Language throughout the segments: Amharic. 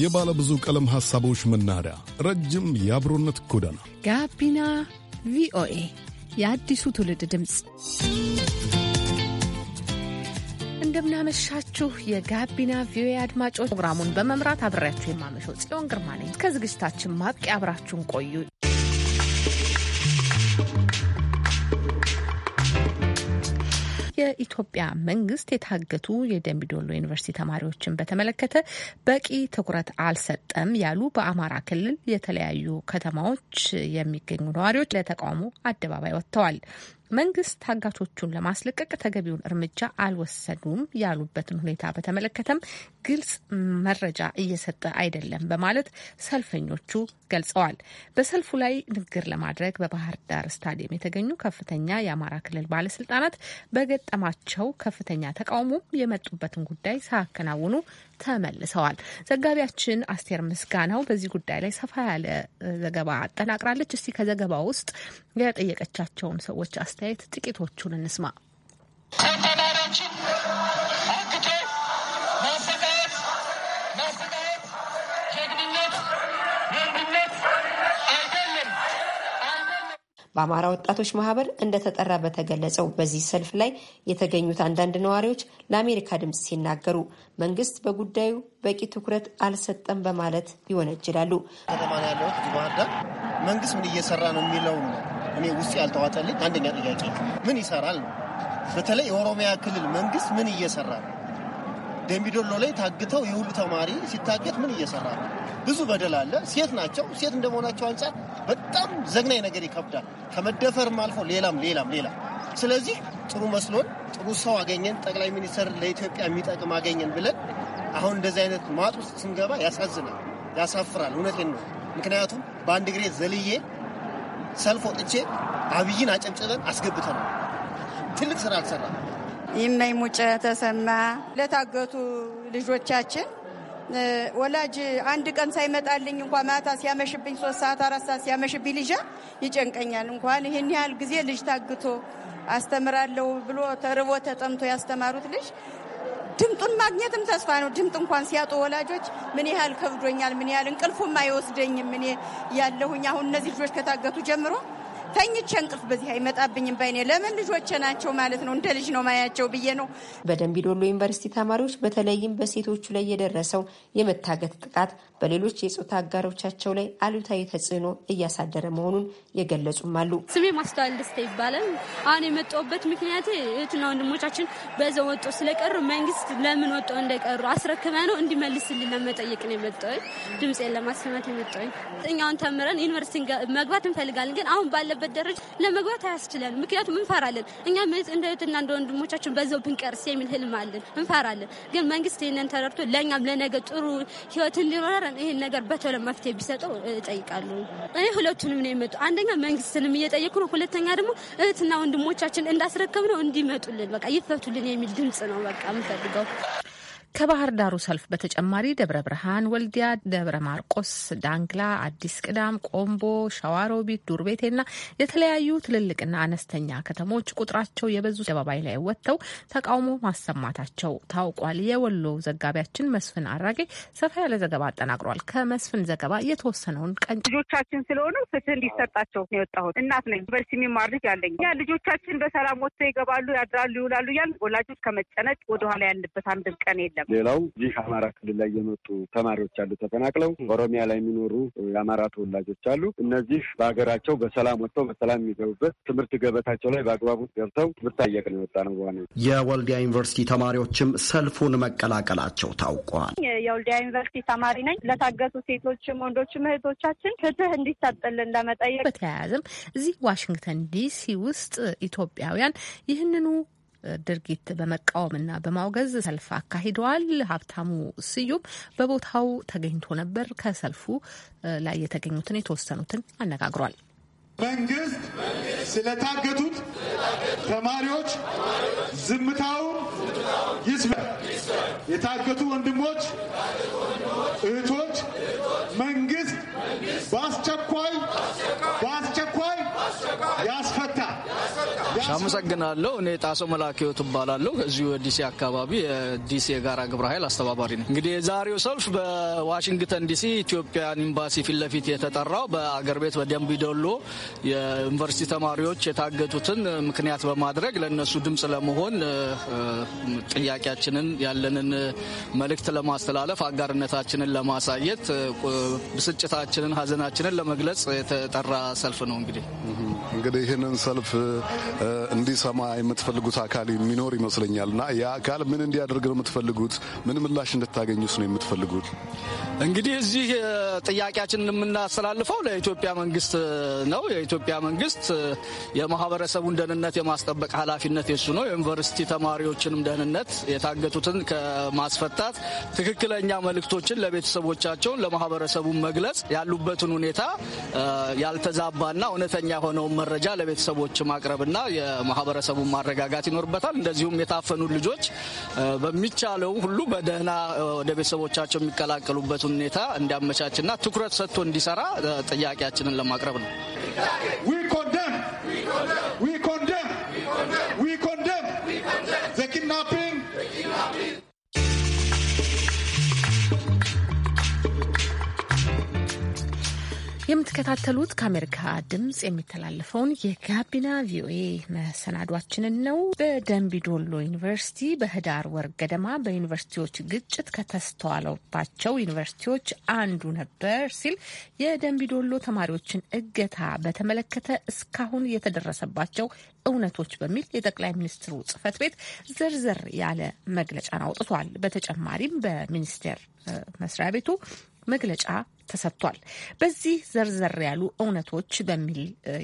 የባለ ብዙ ቀለም ሐሳቦች መናኸሪያ፣ ረጅም የአብሮነት ጎዳና ጋቢና ቪኦኤ የአዲሱ ትውልድ ድምፅ። እንደምናመሻችሁ የጋቢና ቪኦኤ አድማጮች፣ ፕሮግራሙን በመምራት አብሬያችሁ የማመሸው ጽዮን ግርማ ነኝ። እስከ ዝግጅታችን ማብቂያ አብራችሁን ቆዩ። የኢትዮጵያ መንግስት የታገቱ የደምቢዶሎ ዩኒቨርሲቲ ተማሪዎችን በተመለከተ በቂ ትኩረት አልሰጠም ያሉ በአማራ ክልል የተለያዩ ከተማዎች የሚገኙ ነዋሪዎች ለተቃውሞ አደባባይ ወጥተዋል። መንግስት ታጋቾቹን ለማስለቀቅ ተገቢውን እርምጃ አልወሰዱም ያሉበትን ሁኔታ በተመለከተም ግልጽ መረጃ እየሰጠ አይደለም በማለት ሰልፈኞቹ ገልጸዋል። በሰልፉ ላይ ንግግር ለማድረግ በባህር ዳር ስታዲየም የተገኙ ከፍተኛ የአማራ ክልል ባለስልጣናት በገጠማቸው ከፍተኛ ተቃውሞ የመጡበትን ጉዳይ ሳያከናውኑ ተመልሰዋል። ዘጋቢያችን አስቴር ምስጋናው በዚህ ጉዳይ ላይ ሰፋ ያለ ዘገባ አጠናቅራለች። እስቲ ከዘገባ ውስጥ የጠየቀቻቸውን ሰዎች አስተያየት ጥቂቶቹን እንስማ። በአማራ ወጣቶች ማህበር እንደተጠራ በተገለጸው በዚህ ሰልፍ ላይ የተገኙት አንዳንድ ነዋሪዎች ለአሜሪካ ድምፅ ሲናገሩ መንግስት በጉዳዩ በቂ ትኩረት አልሰጠም በማለት ይወነጅላሉ። ከተማ ያለሁት መንግስት ምን እየሰራ ነው የሚለው ነው እኔ ውስጥ ያልተዋጠልኝ አንደኛ ጥያቄ ምን ይሰራል ነው። በተለይ የኦሮሚያ ክልል መንግስት ምን እየሰራ ነው? ደምቢዶሎ ላይ ታግተው የሁሉ ተማሪ ሲታገት ምን እየሰራ ነው? ብዙ በደል አለ። ሴት ናቸው። ሴት እንደመሆናቸው አንጻር በጣም ዘግናኝ ነገር ይከብዳል። ከመደፈርም አልፎ ሌላም ሌላም ሌላ ስለዚህ ጥሩ መስሎን ጥሩ ሰው አገኘን፣ ጠቅላይ ሚኒስትር ለኢትዮጵያ የሚጠቅም አገኘን ብለን አሁን እንደዚህ አይነት ማጥ ውስጥ ስንገባ ያሳዝናል፣ ያሳፍራል። እውነቴን ነው። ምክንያቱም በአንድ ግሬ ዘልዬ ሰልፍ ወጥቼ አብይን አጨብጭበን አስገብተናል። ትልቅ ስራ አልሰራ ይመኝ ሙጨ ተሰማ ለታገቱ ልጆቻችን ወላጅ አንድ ቀን ሳይመጣልኝ እንኳ ማታ ሲያመሽብኝ ሶስት ሰዓት አራት ሰዓት ሲያመሽብኝ ልጃ ይጨንቀኛል። እንኳን ይህን ያህል ጊዜ ልጅ ታግቶ አስተምራለሁ ብሎ ተርቦ ተጠምቶ ያስተማሩት ልጅ ድምጡን ማግኘትም ተስፋ ነው። ድምጥ እንኳን ሲያጡ ወላጆች ምን ያህል ከብዶኛል፣ ምን ያህል እንቅልፉም አይወስደኝም እኔ ያለሁኝ አሁን እነዚህ ልጆች ከታገቱ ጀምሮ ተኝቼ እንቅልፍ በዚህ አይመጣብኝም። ባይኔ ለምን ልጆቼ ናቸው ማለት ነው እንደ ልጅ ነው ማያቸው ብዬ ነው። በደንቢ ዶሎ ዩኒቨርሲቲ ተማሪዎች በተለይም በሴቶቹ ላይ የደረሰው የመታገት ጥቃት በሌሎች የፆታ አጋሮቻቸው ላይ አሉታዊ ተጽዕኖ እያሳደረ መሆኑን የገለጹም አሉ። ስሜ ማስተዋል ደስተ ይባላል። አሁን የመጣሁበት ምክንያት እህትና ወንድሞቻችን በዛው ወጦ ስለቀሩ መንግስት ለምን ወጦ እንደቀሩ አስረክመ ነው እንዲመልስልን ለመጠየቅ ነው የመጣሁት። ድምፄን ለማሰማት የመጣሁት እኛውን ተምረን ዩኒቨርሲቲ መግባት እንፈልጋለን ግን አሁን ባለ ባለበት ደረጃ ለመግባት አያስችለን። ምክንያቱም እንፈራለን። እኛ እንደ እህትና እንደ ወንድሞቻችን በዛው ብንቀርስ የሚል ህልም አለን፣ እንፈራለን። ግን መንግስት ይህንን ተረድቶ ለእኛም ለነገ ጥሩ ህይወት እንዲኖረን ይህን ነገር በተለ መፍትሄ ቢሰጠው እጠይቃለሁ። እኔ ሁለቱንም ነው የመጡ አንደኛ መንግስትንም እየጠየኩ ነው፣ ሁለተኛ ደግሞ እህትና ወንድሞቻችን እንዳስረከብ ነው እንዲመጡልን፣ በቃ ይፈቱልን የሚል ድምጽ ነው በቃ የምፈልገው። ከባህር ዳሩ ሰልፍ በተጨማሪ ደብረ ብርሃን፣ ወልዲያ፣ ደብረ ማርቆስ፣ ዳንግላ፣ አዲስ ቅዳም፣ ቆምቦ፣ ሸዋሮቢት፣ ዱርቤቴ ቤቴና የተለያዩ ትልልቅና አነስተኛ ከተሞች ቁጥራቸው የበዙ አደባባይ ላይ ወጥተው ተቃውሞ ማሰማታቸው ታውቋል። የወሎ ዘጋቢያችን መስፍን አራጌ ሰፋ ያለ ዘገባ አጠናቅሯል። ከመስፍን ዘገባ የተወሰነውን ቀን ልጆቻችን ስለሆኑ ፍትህ እንዲሰጣቸው ነው የወጣሁት። እናት ነኝ። ዩኒቨርሲቲ የሚማር ልጅ አለኝ። ልጆቻችን በሰላም ወጥተው ይገባሉ፣ ያድራሉ፣ ይውላሉ እያልን ወላጆች ከመጨነቅ ወደኋላ ያልንበት አንድም ቀን የለም። ሌላው ይህ አማራ ክልል ላይ የመጡ ተማሪዎች አሉ ተፈናቅለው ኦሮሚያ ላይ የሚኖሩ የአማራ ተወላጆች አሉ። እነዚህ በሀገራቸው በሰላም ወጥተው በሰላም የሚገቡበት ትምህርት ገበታቸው ላይ በአግባቡ ገብተው ብታየቅ ነው የወጣ ነው። በኋላ የወልዲያ ዩኒቨርሲቲ ተማሪዎችም ሰልፉን መቀላቀላቸው ታውቋል። የወልዲያ ዩኒቨርሲቲ ተማሪ ነኝ። ለታገቱ ሴቶችም ወንዶችም እህቶቻችን ፍትህ እንዲሰጥልን ለመጠየቅ በተያያዘም እዚህ ዋሽንግተን ዲሲ ውስጥ ኢትዮጵያውያን ይህንኑ ድርጊት በመቃወምና በማውገዝ ሰልፍ አካሂደዋል። ሀብታሙ ስዩም በቦታው ተገኝቶ ነበር። ከሰልፉ ላይ የተገኙትን የተወሰኑትን አነጋግሯል። መንግስት ስለታገቱት ተማሪዎች ዝምታውን ይስበር። የታገቱ ወንድሞች፣ እህቶች መንግስት በአስቸኳይ በአስቸኳይ አመሰግናለሁ። እኔ ጣሶ መላኪዮ ትባላለሁ። እዚሁ ዲሲ አካባቢ የዲሲ የጋራ ግብረ ኃይል አስተባባሪ ነኝ። እንግዲህ የዛሬው ሰልፍ በዋሽንግተን ዲሲ ኢትዮጵያን ኤምባሲ ፊት ለፊት የተጠራው በአገር ቤት በደንቢ የዩኒቨርሲቲ ተማሪዎች የታገቱትን ምክንያት በማድረግ ለእነሱ ድምፅ ለመሆን ጥያቄያችንን ያለንን መልእክት ለማስተላለፍ አጋርነታችንን ለማሳየት ብስጭታችንን፣ ሀዘናችንን ለመግለጽ የተጠራ ሰልፍ ነው። እንግዲህ እንግዲህ ይህንን ሰልፍ እንዲሰማ የምትፈልጉት አካል የሚኖር ይመስለኛል እና ያ አካል ምን እንዲያደርግ ነው የምትፈልጉት? ምን ምላሽ እንድታገኙስ ነው የምትፈልጉት? እንግዲህ እዚህ ጥያቄያችንን የምናስተላልፈው ለኢትዮጵያ መንግስት ነው። የኢትዮጵያ መንግስት የማህበረሰቡን ደህንነት የማስጠበቅ ኃላፊነት የሱ ነው። የዩኒቨርሲቲ ተማሪዎችንም ደህንነት የታገቱትን ከማስፈታት ትክክለኛ መልእክቶችን ለቤተሰቦቻቸውን ለማህበረሰቡ መግለጽ ያሉበትን ሁኔታ ያልተዛባና እውነተኛ የሆነውን መረጃ ለቤተሰቦች ማቅረብና የማህበረሰቡን ማረጋጋት ይኖርበታል። እንደዚሁም የታፈኑ ልጆች በሚቻለው ሁሉ በደህና ወደ ቤተሰቦቻቸው የሚቀላቀሉበት ሁኔታ እንዲያመቻችና ትኩረት ሰጥቶ እንዲሰራ ጥያቄያችንን ለማቅረብ ነው። We የምትከታተሉት ከአሜሪካ ድምፅ የሚተላለፈውን የጋቢና ቪኦኤ መሰናዷችንን ነው። በደንቢዶሎ ዩኒቨርሲቲ በህዳር ወር ገደማ በዩኒቨርሲቲዎች ግጭት ከተስተዋለባቸው ዩኒቨርሲቲዎች አንዱ ነበር ሲል የደንቢዶሎ ተማሪዎችን እገታ በተመለከተ እስካሁን የተደረሰባቸው እውነቶች በሚል የጠቅላይ ሚኒስትሩ ጽህፈት ቤት ዝርዝር ያለ መግለጫን አውጥቷል። በተጨማሪም በሚኒስቴር መስሪያ ቤቱ መግለጫ ተሰጥቷል። በዚህ ዘርዘር ያሉ እውነቶች በሚል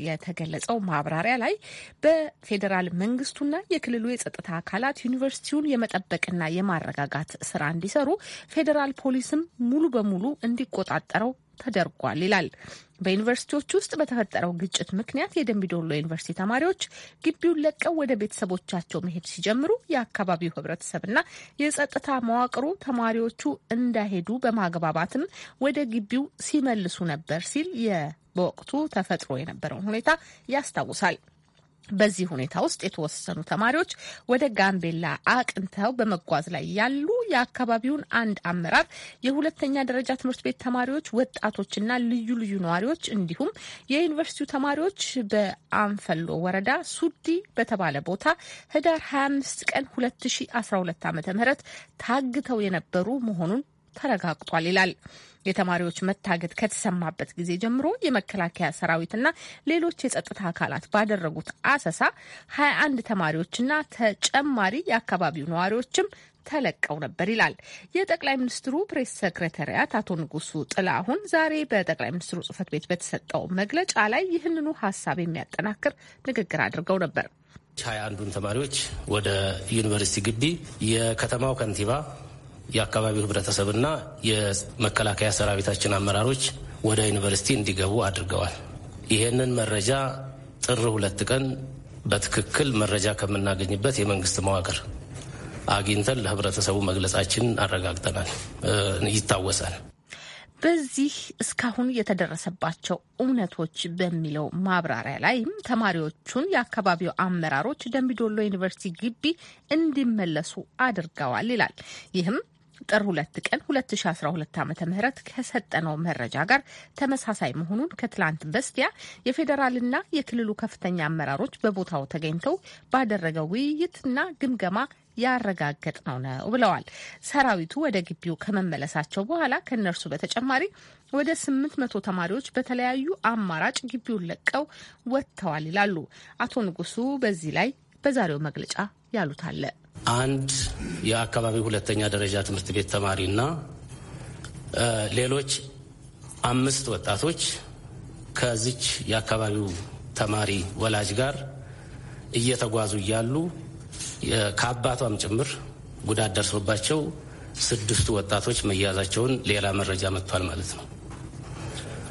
የተገለጸው ማብራሪያ ላይ በፌዴራል መንግስቱና የክልሉ የጸጥታ አካላት ዩኒቨርሲቲውን የመጠበቅና የማረጋጋት ስራ እንዲሰሩ ፌዴራል ፖሊስም ሙሉ በሙሉ እንዲቆጣጠረው ተደርጓል ይላል። በዩኒቨርሲቲዎች ውስጥ በተፈጠረው ግጭት ምክንያት የደምቢዶሎ ዩኒቨርሲቲ ተማሪዎች ግቢውን ለቀው ወደ ቤተሰቦቻቸው መሄድ ሲጀምሩ የአካባቢው ህብረተሰብና የጸጥታ መዋቅሩ ተማሪዎቹ እንዳይሄዱ በማግባባትም ወደ ግቢው ሲመልሱ ነበር ሲል በወቅቱ ተፈጥሮ የነበረውን ሁኔታ ያስታውሳል። በዚህ ሁኔታ ውስጥ የተወሰኑ ተማሪዎች ወደ ጋምቤላ አቅንተው በመጓዝ ላይ ያሉ የአካባቢውን አንድ አመራር፣ የሁለተኛ ደረጃ ትምህርት ቤት ተማሪዎች፣ ወጣቶችና ልዩ ልዩ ነዋሪዎች እንዲሁም የዩኒቨርሲቲው ተማሪዎች በአንፈሎ ወረዳ ሱዲ በተባለ ቦታ ህዳር 25 ቀን 2012 ዓ ም ታግተው የነበሩ መሆኑን ተረጋግጧል ይላል። የተማሪዎች መታገድ ከተሰማበት ጊዜ ጀምሮ የመከላከያ ሰራዊትና ሌሎች የጸጥታ አካላት ባደረጉት አሰሳ ሀያ አንድ ተማሪዎችና ተጨማሪ የአካባቢው ነዋሪዎችም ተለቀው ነበር ይላል። የጠቅላይ ሚኒስትሩ ፕሬስ ሰክሬታሪያት አቶ ንጉሱ ጥላሁን ዛሬ በጠቅላይ ሚኒስትሩ ጽህፈት ቤት በተሰጠው መግለጫ ላይ ይህንኑ ሀሳብ የሚያጠናክር ንግግር አድርገው ነበር። ሀያ አንዱን ተማሪዎች ወደ ዩኒቨርሲቲ ግቢ የከተማው ከንቲባ የአካባቢው ህብረተሰብና የመከላከያ ሰራዊታችን አመራሮች ወደ ዩኒቨርሲቲ እንዲገቡ አድርገዋል። ይህንን መረጃ ጥር ሁለት ቀን በትክክል መረጃ ከምናገኝበት የመንግስት መዋቅር አግኝተን ለህብረተሰቡ መግለጻችን አረጋግጠናል፣ ይታወሳል። በዚህ እስካሁን የተደረሰባቸው እውነቶች በሚለው ማብራሪያ ላይም ተማሪዎቹን የአካባቢው አመራሮች ደምቢዶሎ ዩኒቨርሲቲ ግቢ እንዲመለሱ አድርገዋል ይላል። ይህም ጥር ሁለት ቀን 2012 ዓ ም ከሰጠነው መረጃ ጋር ተመሳሳይ መሆኑን ከትላንት በስቲያ የፌዴራልና የክልሉ ከፍተኛ አመራሮች በቦታው ተገኝተው ባደረገው ውይይትና ግምገማ ያረጋገጥ ነው ነው ብለዋል። ሰራዊቱ ወደ ግቢው ከመመለሳቸው በኋላ ከእነርሱ በተጨማሪ ወደ ስምንት መቶ ተማሪዎች በተለያዩ አማራጭ ግቢውን ለቀው ወጥተዋል ይላሉ አቶ ንጉሱ። በዚህ ላይ በዛሬው መግለጫ ያሉት አለ አንድ የአካባቢ ሁለተኛ ደረጃ ትምህርት ቤት ተማሪ እና ሌሎች አምስት ወጣቶች ከዚች የአካባቢው ተማሪ ወላጅ ጋር እየተጓዙ እያሉ ከአባቷም ጭምር ጉዳት ደርሶባቸው ስድስቱ ወጣቶች መያዛቸውን ሌላ መረጃ መጥቷል ማለት ነው።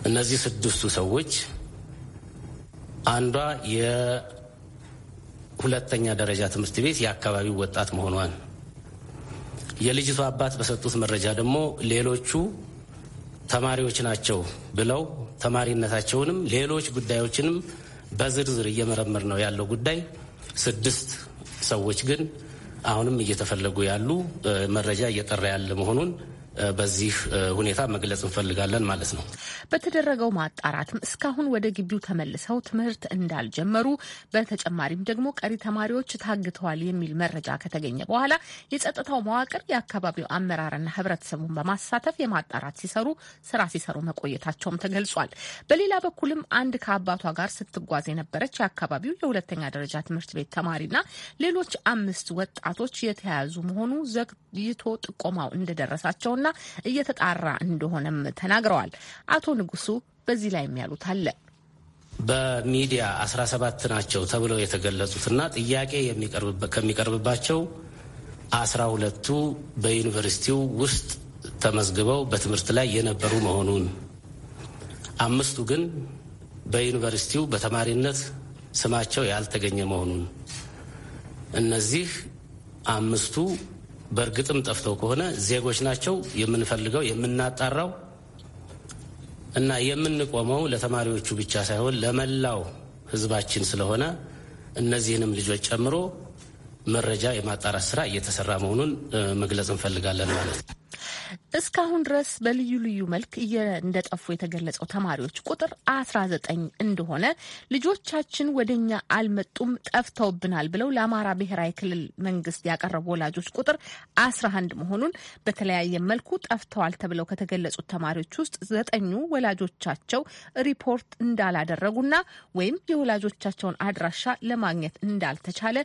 እነዚህ ስድስቱ ሰዎች አንዷ ሁለተኛ ደረጃ ትምህርት ቤት የአካባቢው ወጣት መሆኗን የልጅቷ አባት በሰጡት መረጃ ደግሞ ሌሎቹ ተማሪዎች ናቸው ብለው ተማሪነታቸውንም ሌሎች ጉዳዮችንም በዝርዝር እየመረመር ነው ያለው ጉዳይ ስድስት ሰዎች ግን አሁንም እየተፈለጉ ያሉ መረጃ እየጠራ ያለ መሆኑን በዚህ ሁኔታ መግለጽ እንፈልጋለን ማለት ነው። በተደረገው ማጣራትም እስካሁን ወደ ግቢው ተመልሰው ትምህርት እንዳልጀመሩ በተጨማሪም ደግሞ ቀሪ ተማሪዎች ታግተዋል የሚል መረጃ ከተገኘ በኋላ የጸጥታው መዋቅር የአካባቢው አመራርና ህብረተሰቡን በማሳተፍ የማጣራት ሲሰሩ ስራ ሲሰሩ መቆየታቸውም ተገልጿል። በሌላ በኩልም አንድ ከአባቷ ጋር ስትጓዝ የነበረች የአካባቢው የሁለተኛ ደረጃ ትምህርት ቤት ተማሪና ሌሎች አምስት ወጣቶች የተያያዙ መሆኑ ዘግይቶ ጥቆማው እንደደረሳቸው። መሆኑንና እየተጣራ እንደሆነም ተናግረዋል። አቶ ንጉሱ በዚህ ላይ የሚያሉት አለ። በሚዲያ 17 ናቸው ተብለው የተገለጹትና ጥያቄ ከሚቀርብባቸው አስራ ሁለቱ በዩኒቨርሲቲው ውስጥ ተመዝግበው በትምህርት ላይ የነበሩ መሆኑን አምስቱ ግን በዩኒቨርሲቲው በተማሪነት ስማቸው ያልተገኘ መሆኑን እነዚህ አምስቱ በእርግጥም ጠፍተው ከሆነ ዜጎች ናቸው የምንፈልገው የምናጣራው እና የምንቆመው ለተማሪዎቹ ብቻ ሳይሆን ለመላው ሕዝባችን ስለሆነ እነዚህንም ልጆች ጨምሮ መረጃ የማጣራት ስራ እየተሰራ መሆኑን መግለጽ እንፈልጋለን ማለት ነው። እስካሁን ድረስ በልዩ ልዩ መልክ እንደጠፉ የተገለጸው ተማሪዎች ቁጥር 19 እንደሆነ ልጆቻችን ወደ እኛ አልመጡም ጠፍተውብናል ብለው ለአማራ ብሔራዊ ክልል መንግስት ያቀረቡ ወላጆች ቁጥር 11 መሆኑን በተለያየ መልኩ ጠፍተዋል ተብለው ከተገለጹት ተማሪዎች ውስጥ ዘጠኙ ወላጆቻቸው ሪፖርት እንዳላደረጉና ወይም የወላጆቻቸውን አድራሻ ለማግኘት እንዳልተቻለ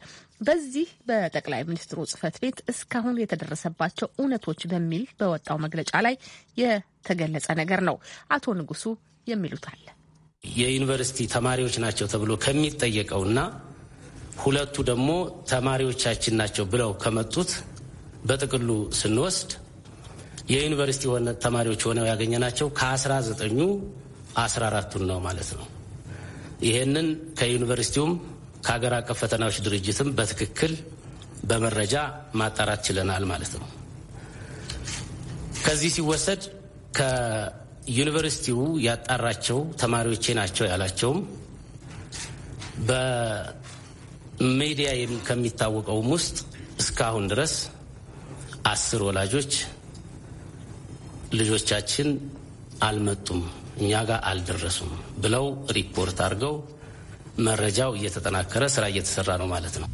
በዚህ በጠቅላይ ሚኒስትሩ ጽህፈት ቤት እስካሁን የተደረሰባቸው እውነቶች በሚል በወጣው ባወጣው መግለጫ ላይ የተገለጸ ነገር ነው። አቶ ንጉሱ የሚሉት አለ። የዩኒቨርሲቲ ተማሪዎች ናቸው ተብሎ ከሚጠየቀውና ሁለቱ ደግሞ ተማሪዎቻችን ናቸው ብለው ከመጡት በጥቅሉ ስንወስድ የዩኒቨርሲቲ ተማሪዎች ሆነው ያገኘናቸው ከአስራ ዘጠኙ አስራ አራቱን ነው ማለት ነው። ይህንን ከዩኒቨርሲቲውም ከሀገር አቀፍ ፈተናዎች ድርጅትም በትክክል በመረጃ ማጣራት ችለናል ማለት ነው። ከዚህ ሲወሰድ ከዩኒቨርሲቲው ያጣራቸው ተማሪዎቼ ናቸው ያላቸውም በሚዲያ ከሚታወቀውም ውስጥ እስካሁን ድረስ አስር ወላጆች ልጆቻችን አልመጡም፣ እኛ ጋር አልደረሱም ብለው ሪፖርት አድርገው መረጃው እየተጠናከረ ስራ እየተሰራ ነው ማለት ነው።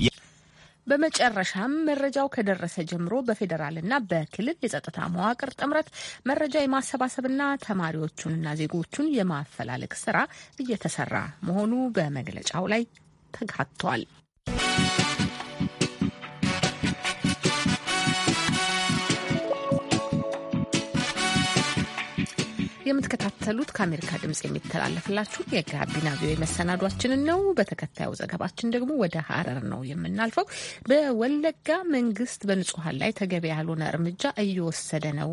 በመጨረሻም መረጃው ከደረሰ ጀምሮ በፌዴራልና በክልል የጸጥታ መዋቅር ጥምረት መረጃ የማሰባሰብና ተማሪዎቹንና ዜጎቹን የማፈላለግ ስራ እየተሰራ መሆኑ በመግለጫው ላይ ተካቷል። የምትከታተሉት ከአሜሪካ ድምፅ የሚተላለፍላችሁ የጋቢና ቪኦኤ መሰናዷችንን ነው። በተከታዩ ዘገባችን ደግሞ ወደ ሀረር ነው የምናልፈው። በወለጋ መንግስት በንጹሀን ላይ ተገቢ ያልሆነ እርምጃ እየወሰደ ነው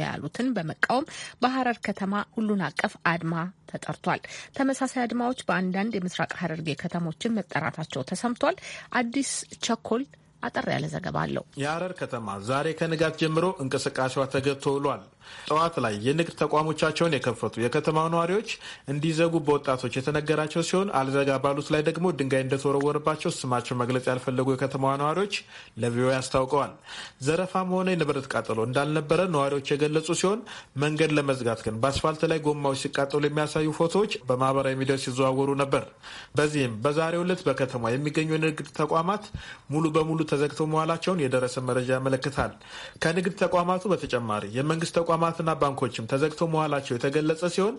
ያሉትን በመቃወም በሀረር ከተማ ሁሉን አቀፍ አድማ ተጠርቷል። ተመሳሳይ አድማዎች በአንዳንድ የምስራቅ ሀረርጌ ከተሞችን መጠራታቸው ተሰምቷል። አዲስ ቸኮል አጠር ያለ ዘገባ አለው። የሀረር ከተማ ዛሬ ከንጋት ጀምሮ እንቅስቃሴዋ ተገብቶ ውሏል። ጠዋት ላይ የንግድ ተቋሞቻቸውን የከፈቱ የከተማ ነዋሪዎች እንዲዘጉ በወጣቶች የተነገራቸው ሲሆን አልዘጋ ባሉት ላይ ደግሞ ድንጋይ እንደተወረወረባቸው ስማቸው መግለጽ ያልፈለጉ የከተማዋ ነዋሪዎች ለቪኦኤ አስታውቀዋል። ዘረፋም ሆነ የንብረት ቃጠሎ እንዳልነበረ ነዋሪዎች የገለጹ ሲሆን መንገድ ለመዝጋት ግን በአስፋልት ላይ ጎማዎች ሲቃጠሉ የሚያሳዩ ፎቶዎች በማህበራዊ ሚዲያ ሲዘዋወሩ ነበር። በዚህም በዛሬው ዕለት በከተማ የሚገኙ የንግድ ተቋማት ሙሉ በሙሉ ተዘግተው መዋላቸውን የደረሰ መረጃ ያመለክታል። ከንግድ ተቋማቱ በተጨማሪ የመንግስት ተቋ ተቋማትና ባንኮችም ተዘግተው መዋላቸው የተገለጸ ሲሆን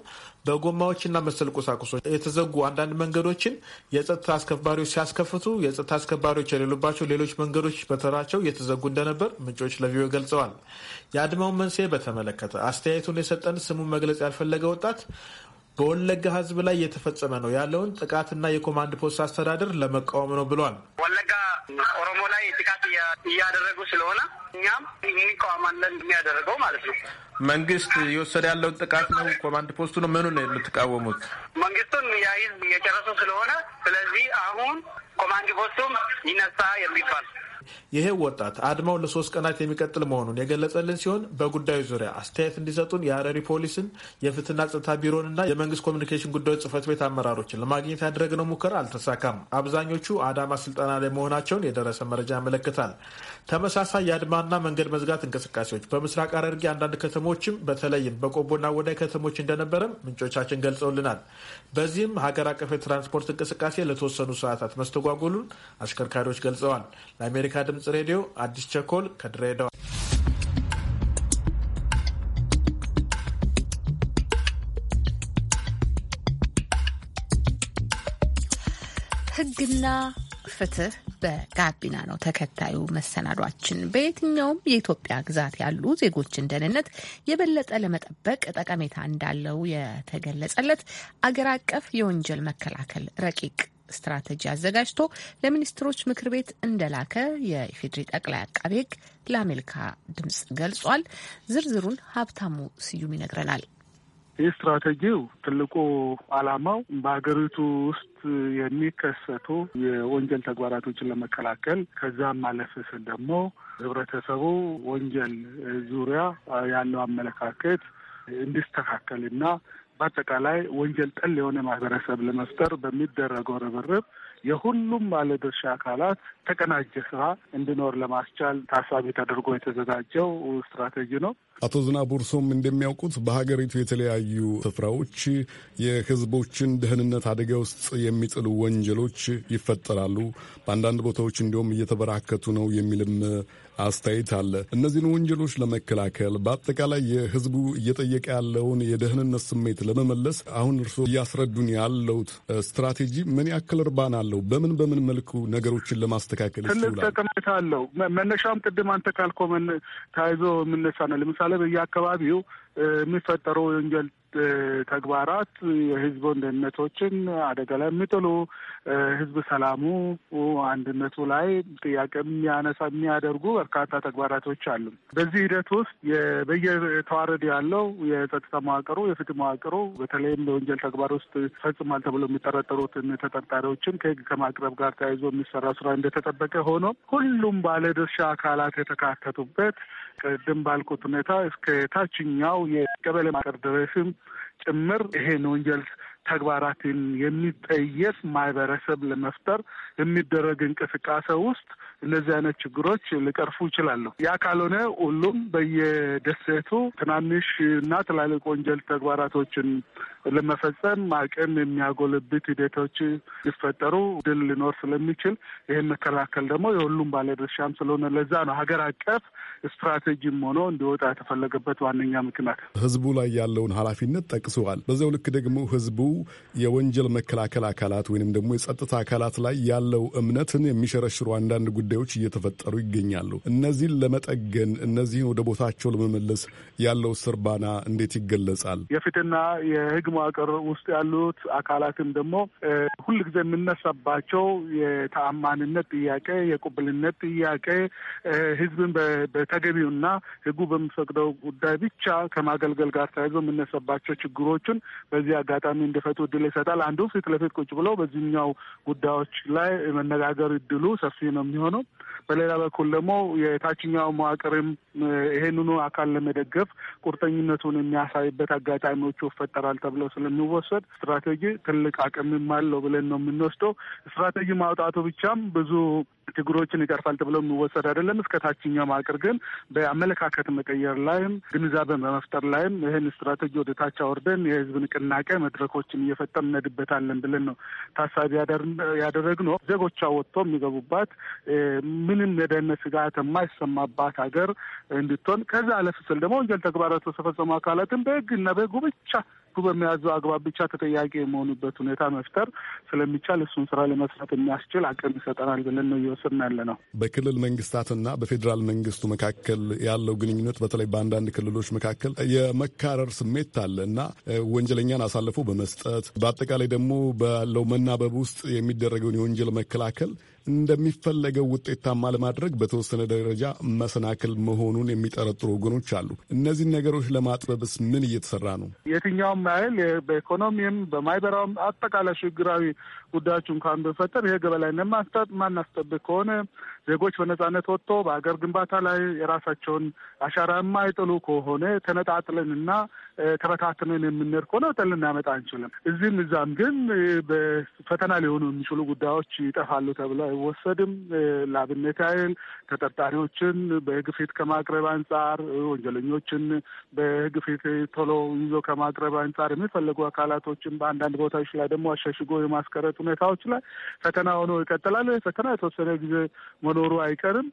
በጎማዎችና መሰል ቁሳቁሶች የተዘጉ አንዳንድ መንገዶችን የጸጥታ አስከባሪዎች ሲያስከፍቱ፣ የጸጥታ አስከባሪዎች የሌሉባቸው ሌሎች መንገዶች በተራቸው እየተዘጉ እንደነበር ምንጮች ለቪዮ ገልጸዋል። የአድማውን መንስኤ በተመለከተ አስተያየቱን የሰጠን ስሙን መግለጽ ያልፈለገ ወጣት በወለጋ ህዝብ ላይ እየተፈጸመ ነው ያለውን ጥቃትና የኮማንድ ፖስት አስተዳደር ለመቃወም ነው ብሏል። ወለጋ ኦሮሞ ላይ ጥቃት እያደረጉ ስለሆነ እኛም እንቃወማለን የሚያደርገው ማለት ነው። መንግስት የወሰደ ያለውን ጥቃት ነው ኮማንድ ፖስቱ ነው ምኑ ነው የምትቃወሙት? መንግስቱን የህዝብ እየጨረሱ ስለሆነ ስለዚህ አሁን ኮማንድ ፖስቱም ይነሳ የሚባል ይሄ ወጣት አድማው ለሶስት ቀናት የሚቀጥል መሆኑን የገለጸልን ሲሆን በጉዳዩ ዙሪያ አስተያየት እንዲሰጡን የሀረሪ ፖሊስን የፍትህና ጸጥታ ቢሮንና የመንግስት ኮሚኒኬሽን ጉዳዮች ጽህፈት ቤት አመራሮችን ለማግኘት ያደረግነው ሙከራ አልተሳካም። አብዛኞቹ አዳማ ስልጠና ላይ መሆናቸውን የደረሰ መረጃ ያመለክታል። ተመሳሳይ የአድማና መንገድ መዝጋት እንቅስቃሴዎች በምስራቅ ሐረርጌ አንዳንድ ከተሞችም በተለይም በቆቦና ወዳይ ከተሞች እንደነበረም ምንጮቻችን ገልጸውልናል። በዚህም ሀገር አቀፍ የትራንስፖርት እንቅስቃሴ ለተወሰኑ ሰዓታት መስተጓጎሉን አሽከርካሪዎች ገልጸዋል። ለአሜሪካ ለአሜሪካ ድምጽ ሬዲዮ አዲስ ቸኮል ከድሬዳዋ። ህግና ፍትህ በጋቢና ነው ተከታዩ መሰናዷችን። በየትኛውም የኢትዮጵያ ግዛት ያሉ ዜጎችን ደህንነት የበለጠ ለመጠበቅ ጠቀሜታ እንዳለው የተገለጸለት አገር አቀፍ የወንጀል መከላከል ረቂቅ ስትራቴጂ አዘጋጅቶ ለሚኒስትሮች ምክር ቤት እንደላከ የኢፌዴሪ ጠቅላይ አቃቤ ሕግ ለአሜሪካ ድምጽ ገልጿል። ዝርዝሩን ሀብታሙ ስዩም ይነግረናል። ይህ ስትራቴጂው ትልቁ ዓላማው በሀገሪቱ ውስጥ የሚከሰቱ የወንጀል ተግባራቶችን ለመከላከል ከዛም ማለፍ ስል ደግሞ ህብረተሰቡ ወንጀል ዙሪያ ያለው አመለካከት እንዲስተካከልና በአጠቃላይ ወንጀል ጠል የሆነ ማህበረሰብ ለመፍጠር በሚደረገው ርብርብ የሁሉም ባለድርሻ አካላት ተቀናጀ ስራ እንዲኖር ለማስቻል ታሳቢ ተደርጎ የተዘጋጀው ስትራቴጂ ነው። አቶ ዝናቡ እርሶም እንደሚያውቁት በሀገሪቱ የተለያዩ ስፍራዎች የህዝቦችን ደህንነት አደጋ ውስጥ የሚጥሉ ወንጀሎች ይፈጠራሉ። በአንዳንድ ቦታዎች እንዲሁም እየተበራከቱ ነው የሚልም አስተያየት አለ። እነዚህን ወንጀሎች ለመከላከል በአጠቃላይ የህዝቡ እየጠየቀ ያለውን የደህንነት ስሜት ለመመለስ አሁን እርስዎ እያስረዱን ያለውት ስትራቴጂ ምን ያክል እርባና አለው? በምን በምን መልኩ ነገሮችን ለማስተካከል ትልቅ ጠቀሜታ አለው። መነሻም ቅድም አንተ ካልኮመን ተያይዞ የምነሳ ነው። ለምሳሌ በየአካባቢው የሚፈጠሩ የወንጀል ተግባራት የህዝብ ደህንነቶችን አደጋ ላይ የሚጥሉ ህዝብ ሰላሙ አንድነቱ ላይ ጥያቄ የሚያነሳ የሚያደርጉ በርካታ ተግባራቶች አሉ። በዚህ ሂደት ውስጥ በየተዋረድ ያለው የጸጥታ መዋቅሩ፣ የፍትህ መዋቅሩ በተለይም በወንጀል ተግባር ውስጥ ፈጽሟል ተብሎ የሚጠረጠሩትን ተጠርጣሪዎችን ከህግ ከማቅረብ ጋር ተያይዞ የሚሰራ ስራ እንደተጠበቀ ሆኖ ሁሉም ባለድርሻ አካላት የተካተቱበት ቅድም ባልኩት ሁኔታ እስከ ታችኛው የቀበሌ ማቀር ድረስም ጭምር ይሄን ወንጀል ተግባራትን የሚጠየፍ ማህበረሰብ ለመፍጠር የሚደረግ እንቅስቃሴ ውስጥ እነዚህ አይነት ችግሮች ሊቀርፉ ይችላሉ። ያ ካልሆነ ሁሉም በየደሴቱ ትናንሽ እና ትላልቅ ወንጀል ተግባራቶችን ለመፈጸም አቅም የሚያጎለብት ሂደቶች ሲፈጠሩ ድል ሊኖር ስለሚችል ይህን መከላከል ደግሞ የሁሉም ባለድርሻም ስለሆነ ለዛ ነው ሀገር አቀፍ ስትራቴጂም ሆኖ እንዲወጣ የተፈለገበት ዋነኛ ምክንያት ህዝቡ ላይ ያለውን ኃላፊነት ጠቅሰዋል። በዚያው ልክ ደግሞ ህዝቡ የወንጀል መከላከል አካላት ወይንም ደግሞ የጸጥታ አካላት ላይ ያለው እምነትን የሚሸረሽሩ አንዳንድ ጉዳዮች እየተፈጠሩ ይገኛሉ። እነዚህን ለመጠገን እነዚህን ወደ ቦታቸው ለመመለስ ያለው ስርባና እንዴት ይገለጻል? የፊትና የህግ መዋቅር ውስጥ ያሉት አካላትም ደግሞ ጊዜ የምነሳባቸው የተአማንነት ጥያቄ፣ የቁብልነት ጥያቄ ህዝብን በተገቢውና ህጉ በሚፈቅደው ጉዳይ ብቻ ከማገልገል ጋር ተያይዞ የምነሳባቸው ችግሮችን በዚህ አጋጣሚ እንዲፈቱ እድል ይሰጣል። አንዱ ፊት ለፊት ቁጭ ብለው በዚህኛው ጉዳዮች ላይ መነጋገር እድሉ ሰፊ ነው የሚሆነው። በሌላ በኩል ደግሞ የታችኛው መዋቅርም ይሄንኑ አካል ለመደገፍ ቁርጠኝነቱን የሚያሳይበት አጋጣሚዎቹ ይፈጠራል ተብሎ ስለሚወሰድ ስትራቴጂ ትልቅ አቅምም አለው ብለን ነው የምንወስደው። ስትራቴጂ ማውጣቱ ብቻም ብዙ ችግሮችን ይቀርፋል ተብሎ የሚወሰድ አይደለም። እስከ ታችኛው መዋቅር ግን በአመለካከት መቀየር ላይም ግንዛቤ በመፍጠር ላይም ይህን ስትራቴጂ ወደ ታች አወርደን የህዝብ ንቅናቄ መድረኮችን እየፈጠን እንሄድበታለን ብለን ነው ታሳቢ ያደረግነው። ዜጎቿ ወጥቶ የሚገቡባት ምንም የደህንነት ስጋት የማይሰማባት ሀገር እንድትሆን ከዛ አለፍ ስል ደግሞ ወንጀል ተግባራት ተፈጸሙ አካላትን በህግና በህጉ ብቻ በሚያዘው አግባብ ብቻ ተጠያቂ የመሆኑበት ሁኔታ መፍጠር ስለሚቻል እሱን ስራ ለመስራት የሚያስችል አቅም ይሰጠናል ብለን ነው እየወሰ እየተንቀሳቀስን ያለ ነው። በክልል መንግስታትና በፌዴራል መንግስቱ መካከል ያለው ግንኙነት በተለይ በአንዳንድ ክልሎች መካከል የመካረር ስሜት አለ እና ወንጀለኛን አሳልፎ በመስጠት በአጠቃላይ ደግሞ ባለው መናበብ ውስጥ የሚደረገውን የወንጀል መከላከል እንደሚፈለገው ውጤታማ ለማድረግ በተወሰነ ደረጃ መሰናክል መሆኑን የሚጠረጥሩ ወገኖች አሉ። እነዚህን ነገሮች ለማጥበብስ ምን እየተሰራ ነው? የትኛውም ያህል በኢኮኖሚም በማህበራዊም አጠቃላይ ሽግራዊ ጉዳዮች እንኳን ብንፈጥር ይሄ ገበላይነት ማስጠጥ ማናስጠብቅ ከሆነ ዜጎች በነጻነት ወጥቶ በሀገር ግንባታ ላይ የራሳቸውን አሻራ የማይጥሉ ከሆነ ተነጣጥለንና ተበታትነን የምንሄድ ከሆነ ልናመጣ አንችልም። እዚህም እዛም ግን በፈተና ሊሆኑ የሚችሉ ጉዳዮች ይጠፋሉ ተብሎ አይወሰድም። ለአብነት ያህል ተጠርጣሪዎችን በሕግ ፊት ከማቅረብ አንጻር፣ ወንጀለኞችን በሕግ ፊት ቶሎ ይዞ ከማቅረብ አንጻር የሚፈለጉ አካላቶችን በአንዳንድ ቦታዎች ላይ ደግሞ አሻሽጎ የማስቀረጥ ሁኔታዎች ላይ ፈተና ሆኖ ይቀጥላል። ፈተና የተወሰነ ጊዜ መኖሩ አይቀርም።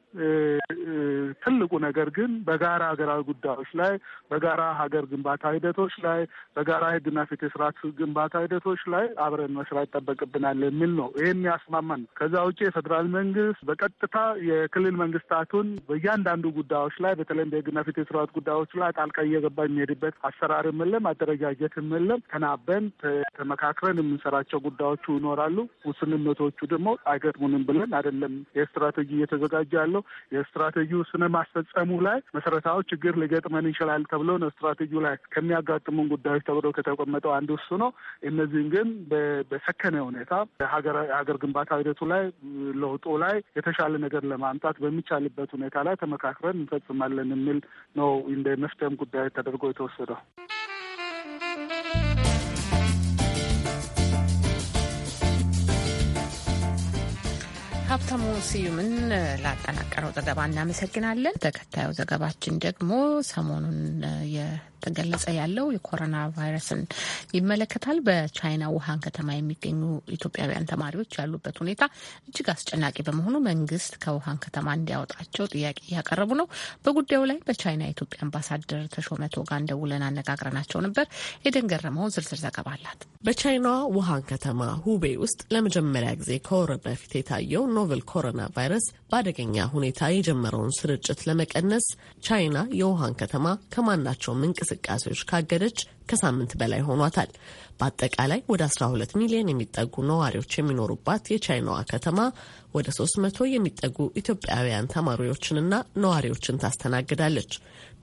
ትልቁ ነገር ግን በጋራ ሀገራዊ ጉዳዮች ላይ በጋራ ሀገር ግንባታ ሂደቶች ላይ በጋራ ህግና ፍትህ ስርዓት ግንባታ ሂደቶች ላይ አብረን መስራት ይጠበቅብናል የሚል ነው። ይህም ያስማማን ነው። ከዛ ውጭ የፌዴራል መንግስት በቀጥታ የክልል መንግስታቱን በእያንዳንዱ ጉዳዮች ላይ በተለይም በህግና ፍትህ ስርዓት ጉዳዮች ላይ ጣልቃ እየገባ የሚሄድበት አሰራርም የለም፣ አደረጃጀትም የለም። ተናበን ተመካክረን የምንሰራቸው ጉዳዮቹ ይኖራሉ። ውስንነቶቹ ደግሞ አይገጥሙንም ብለን አይደለም የስትራቴጂ እየተዘጋጀ ያለው የስትራቴጂ ስነ ማስፈጸሙ ላይ መሰረታዊ ችግር ሊገጥመን ይችላል ተብሎ ነው ስትራቴጂው ላይ ከሚያጋጥሙን ጉዳዮች ተብሎ ከተቀመጠው አንዱ እሱ ነው። እነዚህን ግን በሰከነ ሁኔታ የሀገር ግንባታ ሂደቱ ላይ ለውጡ ላይ የተሻለ ነገር ለማምጣት በሚቻልበት ሁኔታ ላይ ተመካክረን እንፈጽማለን የሚል ነው እንደ መፍትሄም ጉዳይ ተደርጎ የተወሰደው። ሀብታሙ ስዩምን ላጠናቀረው ዘገባ እናመሰግናለን። ተከታዩ ዘገባችን ደግሞ ሰሞኑን የተገለጸ ያለው የኮሮና ቫይረስን ይመለከታል። በቻይና ውሃን ከተማ የሚገኙ ኢትዮጵያውያን ተማሪዎች ያሉበት ሁኔታ እጅግ አስጨናቂ በመሆኑ መንግስት ከውሃን ከተማ እንዲያወጣቸው ጥያቄ እያቀረቡ ነው። በጉዳዩ ላይ በቻይና የኢትዮጵያ አምባሳደር ተሾመ ጋንደውለን ደውለን አነጋግረናቸው ነበር። ኤደን ገረመው ዝርዝር ዘገባ አላት። በቻይና ውሃን ከተማ ሁቤ ውስጥ ለመጀመሪያ ጊዜ ከወር በፊት የታየው ኖቨል የኮሮና ቫይረስ በአደገኛ ሁኔታ የጀመረውን ስርጭት ለመቀነስ ቻይና የውሃን ከተማ ከማናቸውም እንቅስቃሴዎች ካገደች ከሳምንት በላይ ሆኗታል። በአጠቃላይ ወደ 12 ሚሊዮን የሚጠጉ ነዋሪዎች የሚኖሩባት የቻይናዋ ከተማ ወደ 300 የሚጠጉ ኢትዮጵያውያን ተማሪዎችንና ነዋሪዎችን ታስተናግዳለች።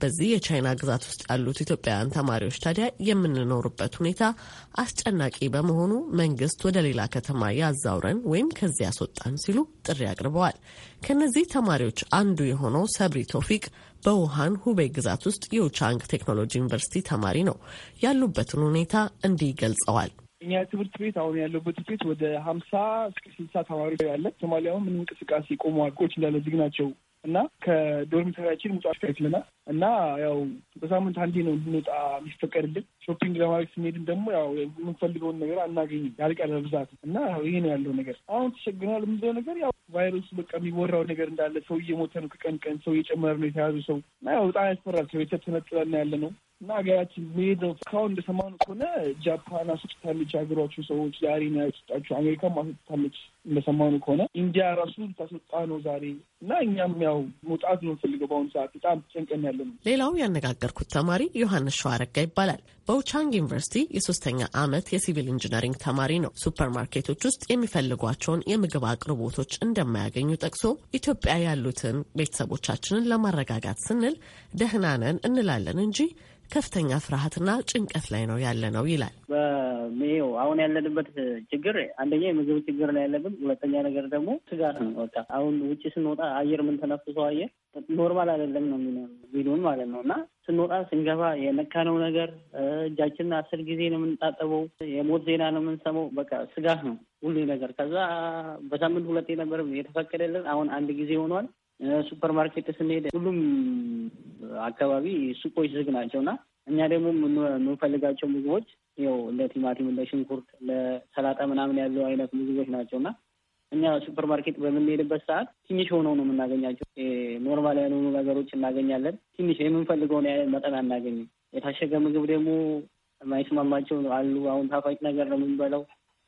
በዚህ የቻይና ግዛት ውስጥ ያሉት ኢትዮጵያውያን ተማሪዎች ታዲያ የምንኖርበት ሁኔታ አስጨናቂ በመሆኑ መንግስት ወደ ሌላ ከተማ ያዛውረን ወይም ከዚህ ያስወጣን ሲሉ ጥሪ አቅርበዋል። ከነዚህ ተማሪዎች አንዱ የሆነው ሰብሪ ቶፊቅ በውሃን ሁቤ ግዛት ውስጥ የውቻንግ ቴክኖሎጂ ዩኒቨርሲቲ ተማሪ ነው። ያሉበትን ሁኔታ እንዲህ ይገልጸዋል። እኛ ትምህርት ቤት አሁን ያለበት ቤት ወደ ሀምሳ እስከ ስልሳ ተማሪ ያለ ሶማሊያውም ምን እንቅስቃሴ ቆመዋል። ቆች እንዳለ ዝግ ናቸው። እና ከዶርሚተሪያችን ውጣ ይችለናል እና ያው በሳምንት አንዴ ነው እንድንወጣ የሚፈቀድልን። ሾፒንግ ለማድረግ ስንሄድም ደግሞ ያው የምንፈልገውን ነገር አናገኝም ያልቀለ ብዛት እና ይሄ ነው ያለው ነገር። አሁን ተቸግረናል የምንለው ነገር ያው ቫይረሱ በቃ የሚወራው ነገር እንዳለ ሰው እየሞተ ነው፣ ከቀን ቀን ሰው እየጨመረ ነው የተያዙ ሰው እና ያው በጣም ያስፈራል። ከቤተሰብ ተነጥለን ያለ ነው እና ሀገራችን ሜድ ኦፍ እስካሁን እንደሰማነው ከሆነ ጃፓን አስወጥታለች የሀገሯቸው ሰዎች ዛሬ ነው ያስወጣቸው። አሜሪካም አስወጥታለች እንደሰማነው ከሆነ ኢንዲያ ራሱ ታስወጣ ነው ዛሬ እና እኛም ያው መውጣት ነው ፈልገው በአሁኑ ሰዓት በጣም ተጨንቀን ያለ ነው። ሌላው ያነጋገርኩት ተማሪ ዮሐንስ ሸዋረጋ ይባላል። በውቻንግ ዩኒቨርሲቲ የሶስተኛ ዓመት የሲቪል ኢንጂነሪንግ ተማሪ ነው። ሱፐርማርኬቶች ውስጥ የሚፈልጓቸውን የምግብ አቅርቦቶች እንደማያገኙ ጠቅሶ ኢትዮጵያ ያሉትን ቤተሰቦቻችንን ለማረጋጋት ስንል ደህና ነን እንላለን እንጂ ከፍተኛ ፍርሃትና ጭንቀት ላይ ነው ያለ ነው ይላል። በሜው አሁን ያለንበት ችግር አንደኛ የምግብ ችግር ነው ያለብን። ሁለተኛ ነገር ደግሞ ስጋት ነው። በቃ አሁን ውጭ ስንወጣ አየር ምን ተነፍሶ አየር ኖርማል አይደለም ነው የሚሉን ማለት ነው። እና ስንወጣ ስንገባ የነካነው ነገር እጃችንን አስር ጊዜ ነው የምንጣጠበው። የሞት ዜና ነው የምንሰማው። በቃ ስጋት ነው ሁሉ ነገር። ከዛ በሳምንት ሁለቴ ነበር የተፈቀደልን፣ አሁን አንድ ጊዜ ሆኗል። ሱፐር ማርኬት ስንሄድ ሁሉም አካባቢ ሱቆች ዝግ ናቸው እና እኛ ደግሞ የምንፈልጋቸው ምግቦች ያው እንደ ቲማቲም፣ እንደ ሽንኩርት፣ እንደ ሰላጣ ምናምን ያሉ አይነት ምግቦች ናቸው እና እኛ ሱፐር ማርኬት በምንሄድበት ሰዓት ትንሽ ሆነው ነው የምናገኛቸው። ኖርማል ያልሆኑ ነገሮች እናገኛለን። ትንሽ የምንፈልገውን ያህል መጠን አናገኝም። የታሸገ ምግብ ደግሞ የማይስማማቸው አሉ። አሁን ጣፋጭ ነገር ነው የምንበላው።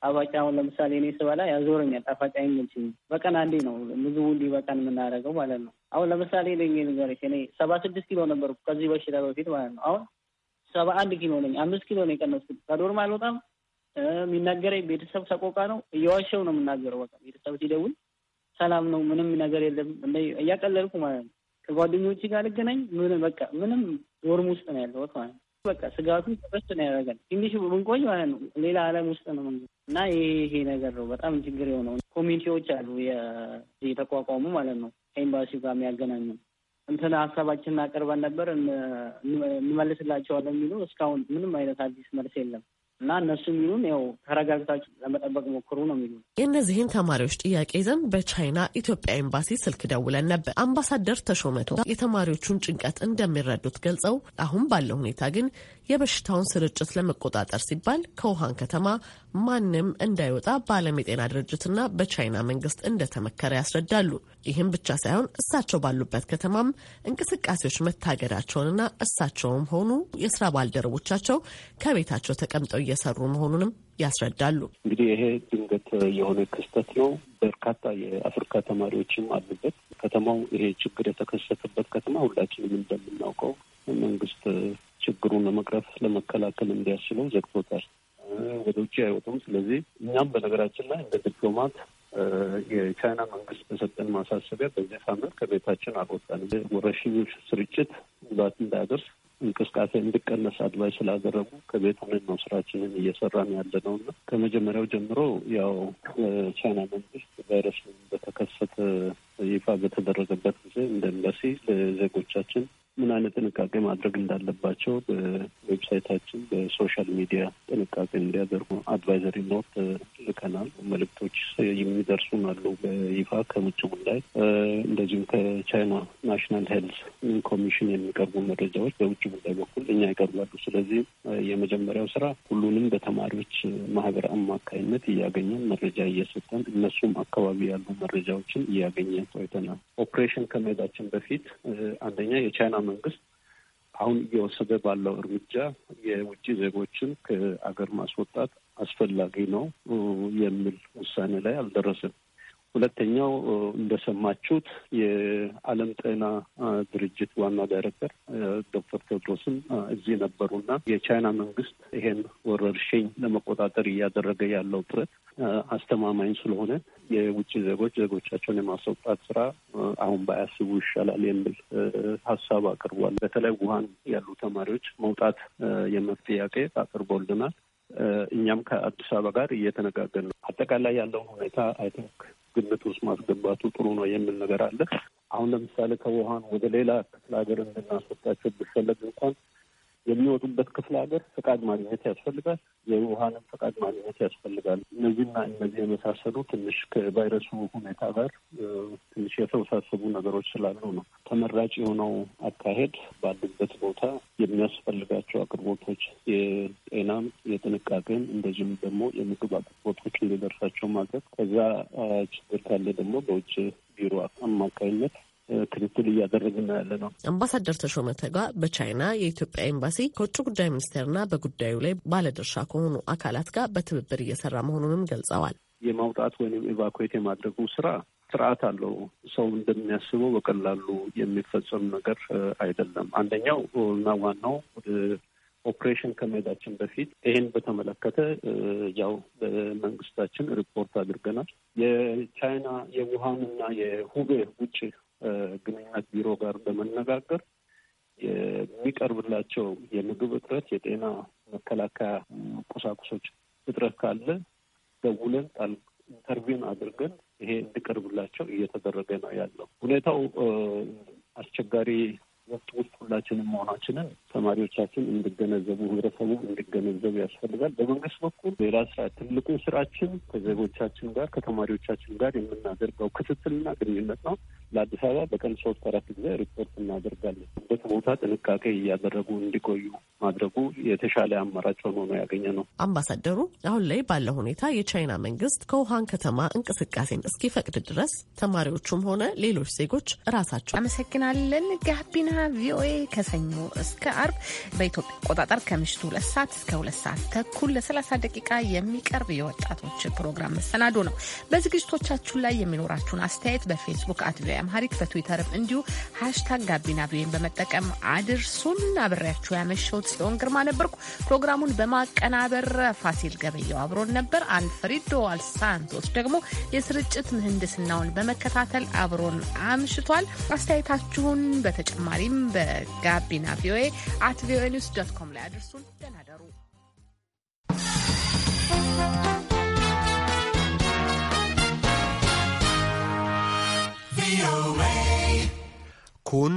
ጣፋጭ አሁን ለምሳሌ እኔ ስበላ ያዞረኛል። ጣፋጭ አይመችኝም። በቀን አንዴ ነው ምግቡ እንዲበቃን የምናደርገው ማለት ነው። አሁን ለምሳሌ ለ ነገር እኔ ሰባ ስድስት ኪሎ ነበርኩ ከዚህ በሽታ በፊት ማለት ነው። አሁን ሰባ አንድ ኪሎ ነኝ። አምስት ኪሎ ነው የቀነስኩት። ከዶርም አልወጣም የሚናገረኝ ቤተሰብ ሰቆቃ ነው። እየዋሸው ነው የምናገረው። በቃ ቤተሰብ ሲደውል ሰላም ነው፣ ምንም ነገር የለም እያቀለልኩ ማለት ነው። ከጓደኞች ጋር ልገናኝ ምን በቃ ምንም ዶርም ውስጥ ነው ያለሁት ማለት ነው። በቃ ስጋቱ ተበስ ነው ያደረገን። ትንሽ ብንቆይ ማለት ነው ሌላ አለም ውስጥ ነው እና ይሄ ይሄ ነገር ነው በጣም ችግር የሆነው። ኮሚኒቲዎች አሉ የተቋቋሙ ማለት ነው ከኤምባሲው ጋር የሚያገናኙ እንትን ሀሳባችንን አቅርበን ነበር እንመልስላቸዋለን የሚሉ እስካሁን ምንም አይነት አዲስ መልስ የለም። እና እነሱ የሚሉን ያው ተረጋግታችሁ ለመጠበቅ ሞክሩ ነው የሚሉ። የእነዚህን ተማሪዎች ጥያቄ ይዘን በቻይና ኢትዮጵያ ኤምባሲ ስልክ ደውለን ነበር። አምባሳደር ተሾመቶ የተማሪዎቹን ጭንቀት እንደሚረዱት ገልጸው አሁን ባለው ሁኔታ ግን የበሽታውን ስርጭት ለመቆጣጠር ሲባል ከውሃን ከተማ ማንም እንዳይወጣ በዓለም የጤና ድርጅትና በቻይና መንግስት እንደተመከረ ያስረዳሉ። ይህም ብቻ ሳይሆን እሳቸው ባሉበት ከተማም እንቅስቃሴዎች መታገዳቸውንና እሳቸውም ሆኑ የስራ ባልደረቦቻቸው ከቤታቸው ተቀምጠው እየሰሩ መሆኑንም ያስረዳሉ። እንግዲህ ይሄ ድንገት የሆነ ክስተት ነው። በርካታ የአፍሪካ ተማሪዎችም አሉበት። ከተማው ይሄ ችግር የተከሰተበት ከተማ ሁላችንም እንደምናውቀው መንግስት ችግሩን ለመቅረፍ ለመከላከል እንዲያስችለው ዘግቶታል። ወደ ውጭ አይወጡም። ስለዚህ እኛም በነገራችን ላይ እንደ ዲፕሎማት የቻይና መንግስት በሰጠን ማሳሰቢያ በዚህ ሳምንት ከቤታችን አልወጣንም። ወረሽኞች ስርጭት ጉዳት እንዳያደርስ እንቅስቃሴ እንድቀነስ አድቫይስ ስላደረጉ ከቤት ሆነን ነው ስራችንን እየሰራን ያለ ነው እና ከመጀመሪያው ጀምሮ ያው ቻይና መንግስት ቫይረሱ በተከሰተ ይፋ በተደረገበት ጊዜ እንደ ኤምባሲ ለዜጎቻችን ምን አይነት ጥንቃቄ ማድረግ እንዳለባቸው በዌብሳይታችን በሶሻል ሚዲያ ጥንቃቄ እንዲያደርጉ አድቫይዘሪ ኖት ልከናል። መልእክቶች የሚደርሱን አሉ በይፋ ከውጭ ጉዳይ እንደዚሁም ከቻይና ናሽናል ሄልት ኮሚሽን የሚቀርቡ መረጃዎች በውጭ ጉዳይ በኩል እኛ ይቀርባሉ። ስለዚህ የመጀመሪያው ስራ ሁሉንም በተማሪዎች ማህበር አማካይነት እያገኘን መረጃ እየሰጠን እነሱም አካባቢ ያሉ መረጃዎችን እያገኘን ቆይተናል። ኦፕሬሽን ከመሄዳችን በፊት አንደኛ የቻይና መንግስት አሁን እየወሰደ ባለው እርምጃ የውጭ ዜጎችን ከአገር ማስወጣት አስፈላጊ ነው የሚል ውሳኔ ላይ አልደረስም። ሁለተኛው እንደሰማችሁት የዓለም ጤና ድርጅት ዋና ዳይሬክተር ዶክተር ቴድሮስም እዚህ ነበሩና የቻይና መንግስት ይሄን ወረርሽኝ ለመቆጣጠር እያደረገ ያለው ጥረት አስተማማኝ ስለሆነ የውጭ ዜጎች ዜጎቻቸውን የማስወጣት ስራ አሁን ባያስቡ ይሻላል የሚል ሀሳብ አቅርቧል። በተለይ ውሃን ያሉ ተማሪዎች መውጣት የመብት ጥያቄ አቅርቦልናል። እኛም ከአዲስ አበባ ጋር እየተነጋገር ነው። አጠቃላይ ያለውን ሁኔታ አይ ግምት ውስጥ ማስገባቱ ጥሩ ነው የሚል ነገር አለ። አሁን ለምሳሌ ከውሃን ወደ ሌላ ክፍለ ሀገር እንድናስወጣቸው ብፈለግ እንኳን የሚወጡበት ክፍለ ሀገር ፈቃድ ማግኘት ያስፈልጋል። የውሃንም ፈቃድ ማግኘት ያስፈልጋል። እነዚህና እነዚህ የመሳሰሉ ትንሽ ከቫይረሱ ሁኔታ ጋር ትንሽ የተወሳሰቡ ነገሮች ስላሉ ነው ተመራጭ የሆነው አካሄድ ባሉበት ቦታ የሚያስፈልጋቸው አቅርቦቶች የጤናም የጥንቃቄም እንደዚሁም ደግሞ የምግብ አቅርቦቶች እንዲደርሳቸው ማድረግ ከዛ ችግር ካለ ደግሞ በውጭ ቢሮ አማካኝነት ክትትል እያደረግን ያለ ነው። አምባሳደር ተሾመ ተጋ በቻይና የኢትዮጵያ ኤምባሲ ከውጭ ጉዳይ ሚኒስቴርና በጉዳዩ ላይ ባለድርሻ ከሆኑ አካላት ጋር በትብብር እየሰራ መሆኑንም ገልጸዋል። የማውጣት ወይም ኢቫኩዌት የማድረጉ ስራ ስርዓት አለው። ሰው እንደሚያስበው በቀላሉ የሚፈጸም ነገር አይደለም። አንደኛው እና ዋናው ወደ ኦፕሬሽን ከመሄዳችን በፊት ይህን በተመለከተ ያው በመንግስታችን ሪፖርት አድርገናል። የቻይና የውሃንና የሁቤ ውጭ ግንኙነት ቢሮ ጋር በመነጋገር የሚቀርብላቸው የምግብ እጥረት፣ የጤና መከላከያ ቁሳቁሶች እጥረት ካለ ደውለን ጣል ኢንተርቪውን አድርገን ይሄ እንዲቀርብላቸው እየተደረገ ነው ያለው። ሁኔታው አስቸጋሪ ወቅት ውስጥ ሁላችንም መሆናችንን ተማሪዎቻችን እንዲገነዘቡ ህብረተሰቡ እንዲገነዘቡ ያስፈልጋል። በመንግስት በኩል ሌላ ስራ ትልቁ ስራችን ከዜጎቻችን ጋር ከተማሪዎቻችን ጋር የምናደርገው ክትትልና ግንኙነት ነው። ለአዲስ አበባ በቀን ሶስት አራት ጊዜ ሪፖርት እናደርጋለን። በት ቦታ ጥንቃቄ እያደረጉ እንዲቆዩ ማድረጉ የተሻለ አማራጭ ሆኖ ነው ያገኘ ነው። አምባሳደሩ አሁን ላይ ባለው ሁኔታ የቻይና መንግስት ከውሃን ከተማ እንቅስቃሴን እስኪፈቅድ ድረስ ተማሪዎቹም ሆነ ሌሎች ዜጎች እራሳቸው አመሰግናለን። ጋቢና ቪኦኤ ከሰኞ እስከ አርብ በኢትዮጵያ አቆጣጠር ከምሽቱ ሁለት ሰዓት እስከ ሁለት ሰዓት ተኩል ለ30 ደቂቃ የሚቀርብ የወጣቶች ፕሮግራም መሰናዶ ነው። በዝግጅቶቻችሁ ላይ የሚኖራችሁን አስተያየት በፌስቡክ አት ቪኦኤ አምሃሪክ በትዊተርም እንዲሁ ሃሽታግ ጋቢና ቪኦኤን በመጠቀም አድርሱን። አብሬያችሁ ያመሸው ጽዮን ግርማ ነበርኩ። ፕሮግራሙን በማቀናበር ፋሲል ገበየው አብሮን ነበር። አልፍሬዶ አልሳንቶስ ደግሞ የስርጭት ምህንድስናውን በመከታተል አብሮን አምሽቷል። አስተያየታችሁን በተጨማሪም በጋቢና ቪኦኤ አት ቪኦኤ ኒውስ ዶት ኮም ላይ አድርሱን። ደህና ደሩ። kun